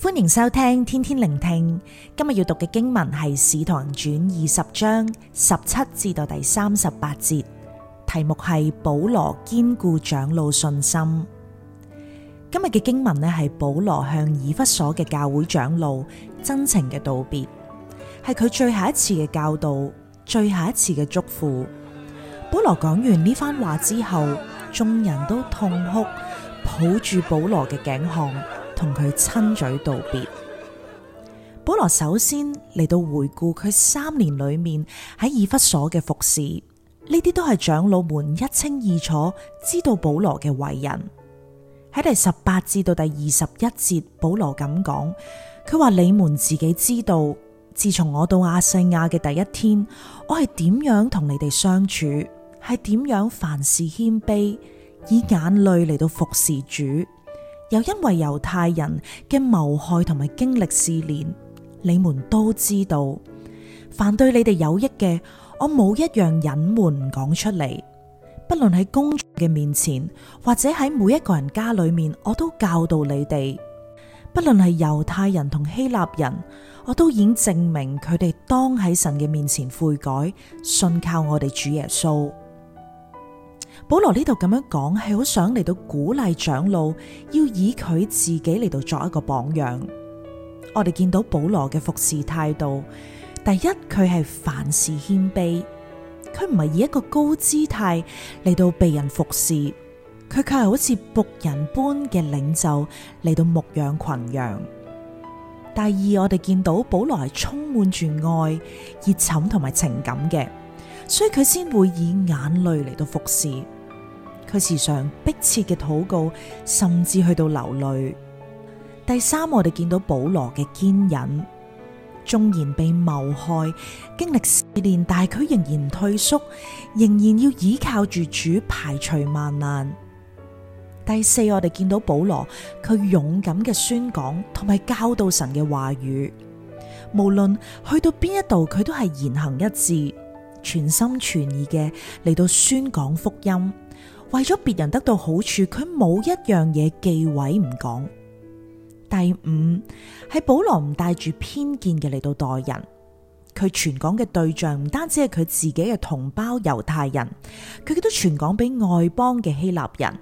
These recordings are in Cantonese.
歡迎收聽天天聆聽。今日要讀嘅經文係《使徒行傳》二十章十七至到第三十八節，題目係保羅堅固長老信心。今日嘅經文呢係保羅向以弗所嘅教會長老真情嘅道別，係佢最後一次嘅教導，最後一次嘅祝福。保羅講完呢番話之後，眾人都痛哭，抱住保羅嘅頸項。同佢親嘴道別。保羅首先嚟到回顧佢三年裏面喺以弗所嘅服侍，呢啲都係長老們一清二楚知道保羅嘅為人。喺第十八至到第二十一節，保羅咁講，佢話你們自己知道，自從我到亞細亞嘅第一天，我係點樣同你哋相處，係點樣凡事謙卑，以眼淚嚟到服侍主。又因為猶太人嘅謀害同埋經歷試煉，你們都知道，凡對你哋有益嘅，我冇一樣隱瞞不講出嚟。不論喺公眾嘅面前，或者喺每一個人家裏面，我都教導你哋。不論係猶太人同希臘人，我都已經證明佢哋當喺神嘅面前悔改，信靠我哋主耶穌。保羅呢度咁樣講，係好想嚟到鼓勵長老，要以佢自己嚟到作一個榜樣。我哋見到保羅嘅服侍態度，第一佢係凡事謙卑，佢唔係以一個高姿態嚟到被人服侍，佢卻係好似僕人般嘅領袖嚟到牧養群羊。第二，我哋見到保羅係充滿住愛、熱忱同埋情感嘅。所以佢先會以眼淚嚟到服侍。佢時常迫切嘅禱告，甚至去到流淚。第三，我哋見到保羅嘅堅忍，縱然被謀害，經歷四年，但佢仍然退縮，仍然要依靠住主排除萬難。第四，我哋見到保羅佢勇敢嘅宣講，同埋教導神嘅話語，無論去到邊一度，佢都係言行一致。全心全意嘅嚟到宣講福音，為咗別人得到好處，佢冇一樣嘢忌諱唔講。第五係保羅唔帶住偏見嘅嚟到待人，佢傳講嘅對象唔單止係佢自己嘅同胞猶太人，佢亦都傳講俾外邦嘅希臘人。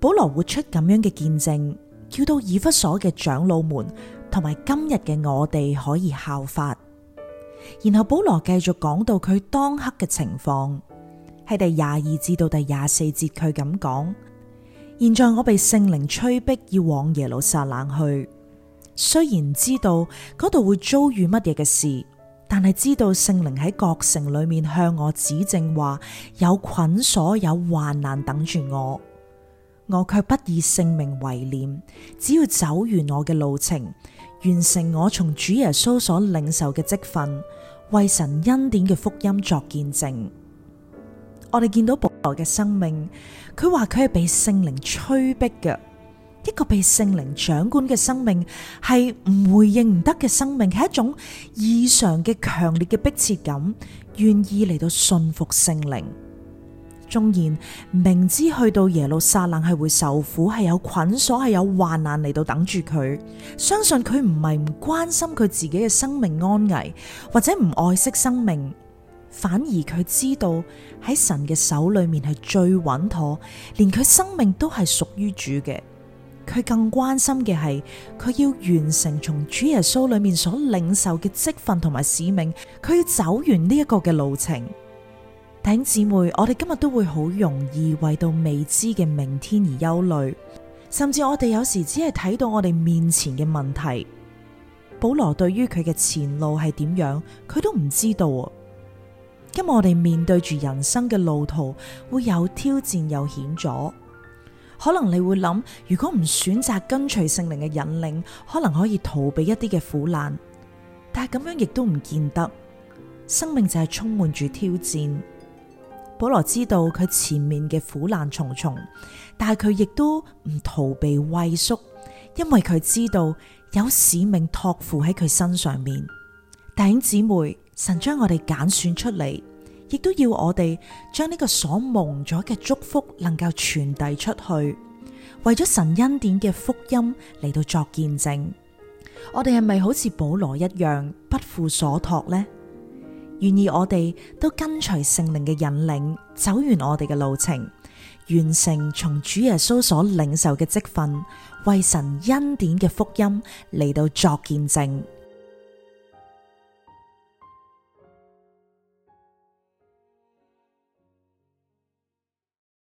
保羅活出咁樣嘅見證，叫到以弗所嘅長老們同埋今日嘅我哋可以效法。然後保羅繼續講到佢當刻嘅情況，喺第廿二至到第廿四節佢咁講。現在我被聖靈催迫要往耶路撒冷去，雖然知道嗰度會遭遇乜嘢嘅事，但係知道聖靈喺各城裏面向我指證話，話有捆鎖有患難等住我，我卻不以性命為念，只要走完我嘅路程，完成我從主耶穌所領受嘅職分。為神恩典嘅福音作見證，我哋見到保羅嘅生命，佢話佢係被聖靈催逼嘅，一個被聖靈掌管嘅生命，係唔回應唔得嘅生命，係一種異常嘅強烈嘅迫切感，願意嚟到信服聖靈。縱然明知去到耶路撒冷係會受苦，係有捆鎖，係有患難嚟到等住佢。相信佢唔係唔關心佢自己嘅生命安危，或者唔愛惜生命，反而佢知道喺神嘅手裏面係最穩妥，連佢生命都係屬於主嘅。佢更關心嘅係佢要完成從主耶穌裏面所領受嘅職分同埋使命，佢要走完呢一個嘅路程。弟兄姊妹，我哋今日都會好容易為到未知嘅明天而憂慮，甚至我哋有時只係睇到我哋面前嘅問題。保羅對於佢嘅前路係點樣，佢都唔知道。今日我哋面對住人生嘅路途，會有挑戰有險阻。可能你會諗，如果唔選擇跟隨聖靈嘅引領，可能可以逃避一啲嘅苦難，但係咁樣亦都唔見得。生命就係充滿住挑戰。保羅知道佢前面嘅苦難重重，但係佢亦都唔逃避畏縮，因為佢知道有使命托付喺佢身上面。弟兄姊妹，神將我哋揀選出嚟，亦都要我哋將呢個所蒙咗嘅祝福能夠傳遞出去，為咗神恩典嘅福音嚟到作見證。我哋係咪好似保羅一樣，不負所託呢？願意我哋都跟隨聖靈嘅引領，走完我哋嘅路程，完成從主耶穌所領受嘅職分，為神恩典嘅福音嚟到作見證。